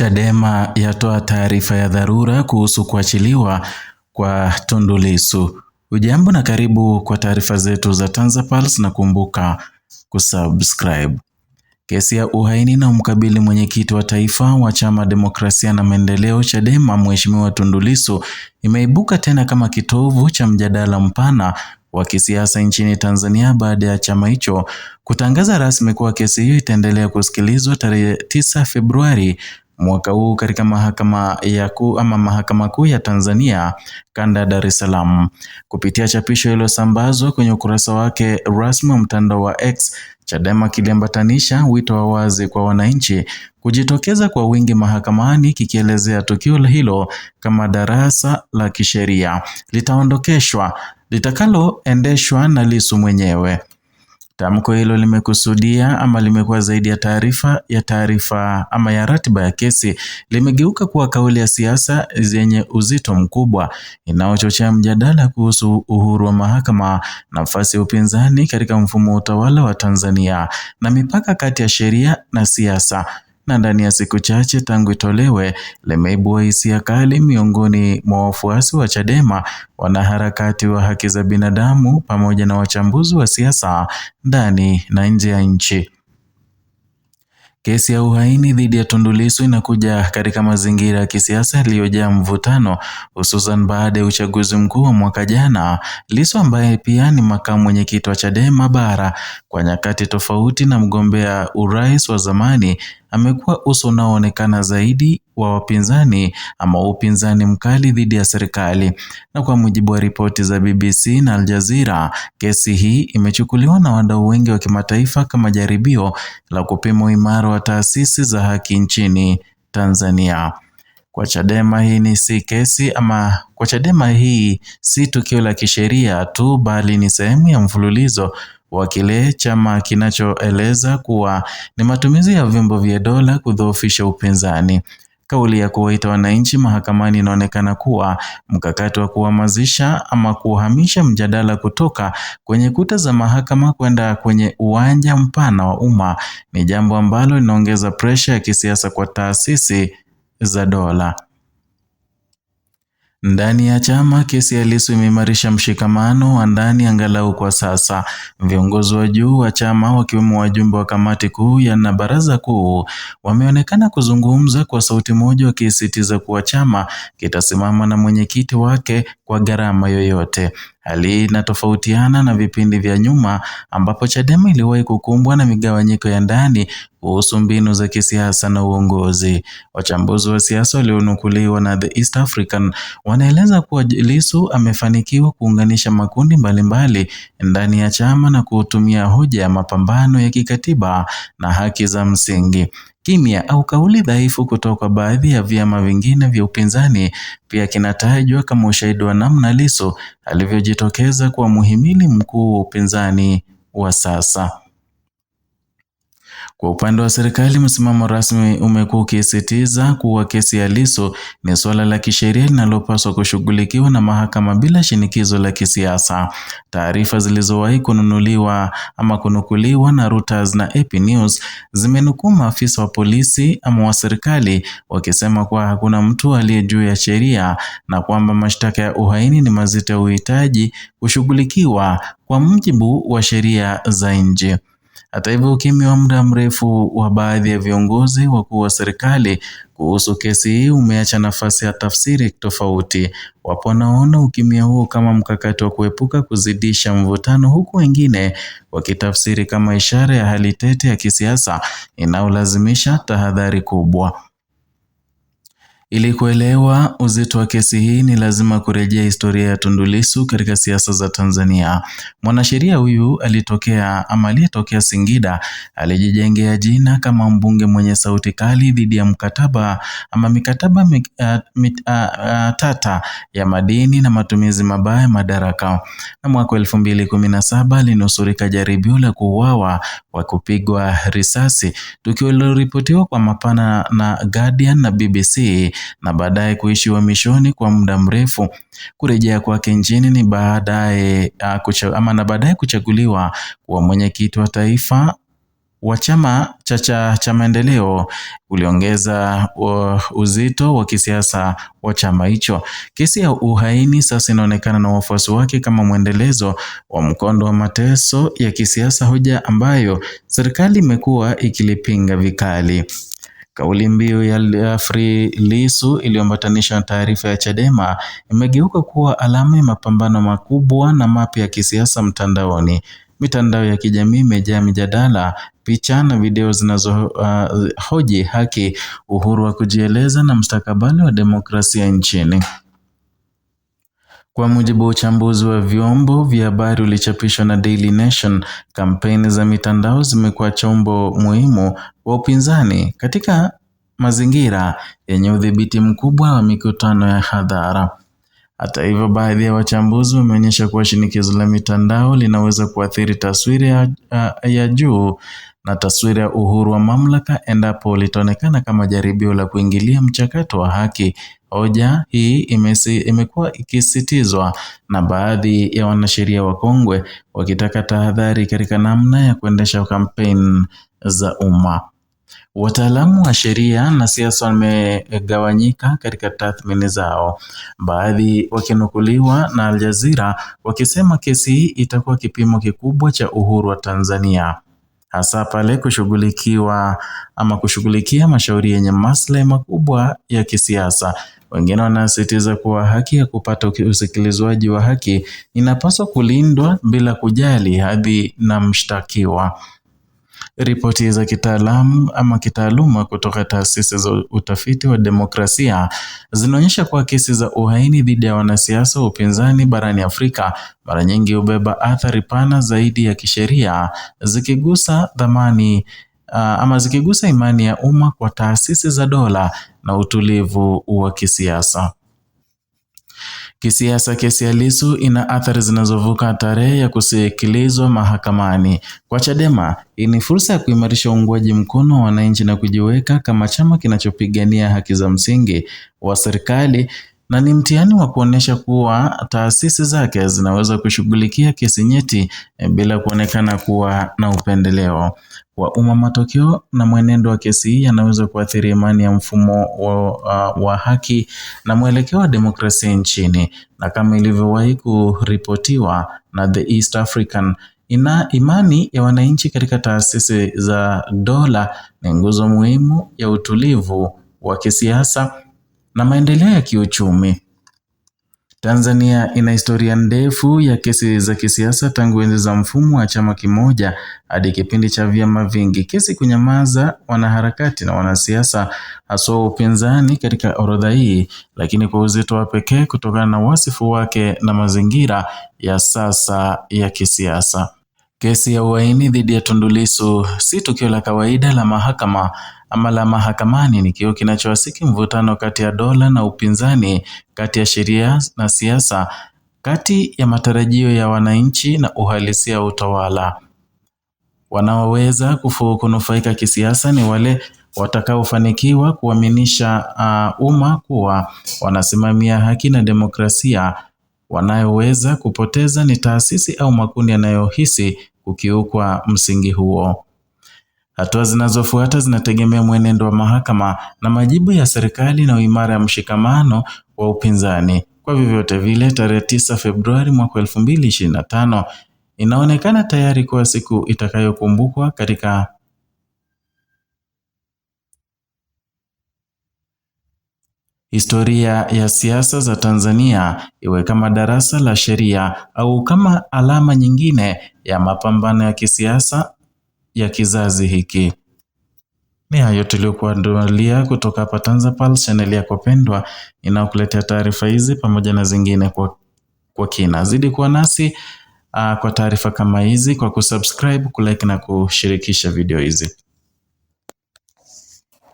Chadema yatoa taarifa ya dharura kuhusu kuachiliwa kwa Tundu Lissu. Ujambo na karibu kwa taarifa zetu za TanzaPulse na kumbuka kusubscribe. Kesi ya uhaini na mkabili mwenyekiti wa taifa wa chama Demokrasia na Maendeleo Chadema, Mheshimiwa Tundu Lissu imeibuka tena kama kitovu cha mjadala mpana wa kisiasa nchini Tanzania baada ya chama hicho kutangaza rasmi kuwa kesi hiyo itaendelea kusikilizwa tarehe 9 Februari Mwaka huu katika mahakama ya kuu ama mahakama kuu ya Tanzania kanda ya Dar es Salaam kupitia chapisho iliyosambazwa kwenye ukurasa wake rasmi wa mtandao wa X, Chadema kiliambatanisha wito wa wazi kwa wananchi kujitokeza kwa wingi mahakamani kikielezea tukio hilo kama darasa la kisheria litaondokeshwa litakaloendeshwa na Lissu mwenyewe. Tamko hilo limekusudia ama limekuwa zaidi ya taarifa ya taarifa ama ya ratiba ya kesi, limegeuka kuwa kauli ya siasa zenye uzito mkubwa inayochochea mjadala kuhusu uhuru wa mahakama, nafasi ya upinzani katika mfumo wa utawala wa Tanzania na mipaka kati ya sheria na siasa na ndani ya siku chache tangu itolewe limeibua hisia kali miongoni mwa wafuasi wa Chadema, wanaharakati wa haki za binadamu pamoja na wachambuzi wa siasa ndani na nje ya nchi. Kesi ya uhaini dhidi ya Tundu Lissu inakuja katika mazingira ya kisiasa yaliyojaa mvutano, hususan baada ya uchaguzi mkuu wa mwaka jana. Lissu ambaye pia ni makamu mwenyekiti wa Chadema bara kwa nyakati tofauti na mgombea urais wa zamani, amekuwa uso unaoonekana zaidi wa wapinzani ama upinzani mkali dhidi ya serikali. Na kwa mujibu wa ripoti za BBC na Al Jazeera, kesi hii imechukuliwa na wadau wengi wa kimataifa kama jaribio la kupima uimara wa taasisi za haki nchini Tanzania. Kwa Chadema hii ni si kesi ama kwa Chadema hii si tukio la kisheria tu bali ni sehemu ya mfululizo wa kile chama kinachoeleza kuwa ni matumizi ya vyombo vya dola kudhoofisha upinzani. Kauli ya kuwaita wananchi mahakamani inaonekana kuwa mkakati wa kuhamasisha ama kuhamisha mjadala kutoka kwenye kuta za mahakama kwenda kwenye uwanja mpana wa umma. Ni jambo ambalo linaongeza presha ya kisiasa kwa taasisi za dola. Ndani ya chama kesi ya Lissu imeimarisha mshikamano wa ndani angalau kwa sasa. Viongozi wa juu wa chama wakiwemo wajumbe wa kamati kuu na baraza kuu wameonekana kuzungumza kwa sauti moja, wakisisitiza kuwa chama kitasimama na mwenyekiti wake kwa gharama yoyote. Hali inatofautiana na vipindi vya nyuma ambapo Chadema iliwahi kukumbwa na migawanyiko ya ndani kuhusu mbinu za kisiasa na uongozi. Wachambuzi wa siasa walionukuliwa na The East African wanaeleza kuwa Lissu amefanikiwa kuunganisha makundi mbalimbali ndani ya chama na kutumia hoja ya mapambano ya kikatiba na haki za msingi. Kimya au kauli dhaifu kutoka baadhi ya vyama vingine vya upinzani pia kinatajwa kama ushahidi wa namna Lissu alivyojitokeza kuwa muhimili mkuu wa upinzani wa sasa. Kwa upande wa serikali, msimamo rasmi umekuwa ukisisitiza kuwa kesi ya Lissu ni suala la kisheria linalopaswa kushughulikiwa na mahakama bila shinikizo la kisiasa. Taarifa zilizowahi kununuliwa ama kunukuliwa na Reuters na AP News zimenukuu maafisa wa polisi ama wa serikali wakisema kuwa hakuna mtu aliye juu ya sheria na kwamba mashtaka ya uhaini ni mazito ya uhitaji kushughulikiwa kwa mujibu wa sheria za nje. Hata hivyo, ukimya wa muda mrefu wa baadhi ya viongozi wakuu wa serikali kuhusu kesi hii umeacha nafasi ya tafsiri tofauti. Wapo wanaona ukimya huo kama mkakati wa kuepuka kuzidisha mvutano, huku wengine wakitafsiri kama ishara ya hali tete ya kisiasa inayolazimisha tahadhari kubwa. Ili kuelewa uzito wa kesi hii ni lazima kurejea historia ya Tundu Lissu katika siasa za Tanzania. Mwanasheria huyu alitokea ama aliyetokea Singida alijijengea jina kama mbunge mwenye sauti kali dhidi ya mkataba ama mikataba mik, a, a, a, tata ya madini na matumizi mabaya madaraka, na mwaka elfu mbili kumi na saba alinusurika jaribio la kuuawa kwa kupigwa risasi, tukio liloripotiwa kwa mapana na Guardian na BBC na baadaye kuishi uhamishoni kwa muda mrefu. Kurejea kwake nchini ni baadaye ama na baadaye kuchaguliwa kuwa mwenyekiti wa taifa wa chama cha cha maendeleo uliongeza uzito wa kisiasa wa chama hicho. Kesi ya uhaini sasa inaonekana na wafuasi wake kama mwendelezo wa mkondo wa mateso ya kisiasa, hoja ambayo serikali imekuwa ikilipinga vikali. Kauli mbiu ya Free Lissu iliyoambatanishwa na taarifa ya Chadema imegeuka kuwa alama ya mapambano makubwa na mapya ya kisiasa mtandaoni. Mitandao ya kijamii imejaa mijadala, picha na video zinazohoji uh, haki, uhuru wa kujieleza na mustakabali wa demokrasia nchini. Kwa mujibu wa uchambuzi wa vyombo vya habari ulichapishwa na Daily Nation, kampeni za mitandao zimekuwa chombo muhimu wa upinzani katika mazingira yenye udhibiti mkubwa wa mikutano ya hadhara. Hata hivyo, baadhi ya wachambuzi wameonyesha kuwa shinikizo la mitandao linaweza kuathiri taswira ya, eh, ya juu na taswira ya uhuru wa mamlaka endapo litaonekana kama jaribio la kuingilia mchakato wa haki Hoja hii imekuwa ikisitizwa na baadhi ya wanasheria wakongwe wakitaka tahadhari katika namna ya kuendesha kampeni za umma. Wataalamu wa sheria na siasa wamegawanyika katika tathmini zao, baadhi wakinukuliwa na Aljazira wakisema kesi hii itakuwa kipimo kikubwa cha uhuru wa Tanzania hasa pale kushughulikiwa ama kushughulikia mashauri yenye maslahi makubwa ya kisiasa. Wengine wanasisitiza kuwa haki ya kupata usikilizwaji wa haki inapaswa kulindwa bila kujali hadhi na mshtakiwa. Ripoti za kitaalamu ama kitaaluma kutoka taasisi za utafiti wa demokrasia zinaonyesha kuwa kesi za uhaini dhidi ya wanasiasa wa upinzani barani Afrika mara nyingi hubeba athari pana zaidi ya kisheria zikigusa dhamani uh, ah, ama zikigusa imani ya umma kwa taasisi za dola na utulivu wa kisiasa. Kisiasa, kesi ya Lissu ina athari zinazovuka tarehe ya kusikilizwa mahakamani. Kwa Chadema, hii ni fursa ya kuimarisha uungwaji mkono wa wananchi na kujiweka kama chama kinachopigania haki za msingi wa serikali na ni mtihani wa kuonyesha kuwa taasisi zake zinaweza kushughulikia kesi nyeti eh, bila kuonekana kuwa na upendeleo kwa umma. Matokeo na mwenendo wa kesi hii yanaweza kuathiri imani ya mfumo wa, wa, wa haki na mwelekeo wa demokrasia nchini, na kama ilivyowahi kuripotiwa na The East African ina imani ya wananchi katika taasisi za dola ni nguzo muhimu ya utulivu wa kisiasa na maendeleo ya kiuchumi. Tanzania ina historia ndefu ya kesi za kisiasa tangu enzi za mfumo wa chama kimoja hadi kipindi cha vyama vingi. Kesi kunyamaza wanaharakati na wanasiasa haswa upinzani katika orodha hii, lakini kwa uzito wa pekee kutokana na wasifu wake na mazingira ya sasa ya kisiasa. Kesi ya uhaini dhidi ya Tundu Lissu si tukio la kawaida la mahakama ama la mahakamani ni kio kinachoasiki mvutano kati ya dola na upinzani, kati ya sheria na siasa, kati ya matarajio ya wananchi na uhalisia wa utawala. Wanaoweza kunufaika kisiasa ni wale watakaofanikiwa kuaminisha uh, umma kuwa wanasimamia haki na demokrasia. Wanayoweza kupoteza ni taasisi au makundi yanayohisi kukiukwa msingi huo. Hatua zinazofuata zinategemea mwenendo wa mahakama na majibu ya serikali na uimara ya mshikamano wa upinzani. Kwa vyovyote vile, tarehe tisa Februari mwaka tano inaonekana tayari kuwa siku itakayokumbukwa katika historia ya siasa za Tanzania, iwe kama darasa la sheria au kama alama nyingine ya mapambano ya kisiasa ya kizazi hiki. Ni hayo tuliokuandalia kutoka hapa TanzaPal, chaneli yako pendwa inayokuletea taarifa hizi pamoja na zingine kwa, kwa kina. Zidi kuwa nasi uh, kwa taarifa kama hizi kwa kusubscribe, kulike na kushirikisha video hizi.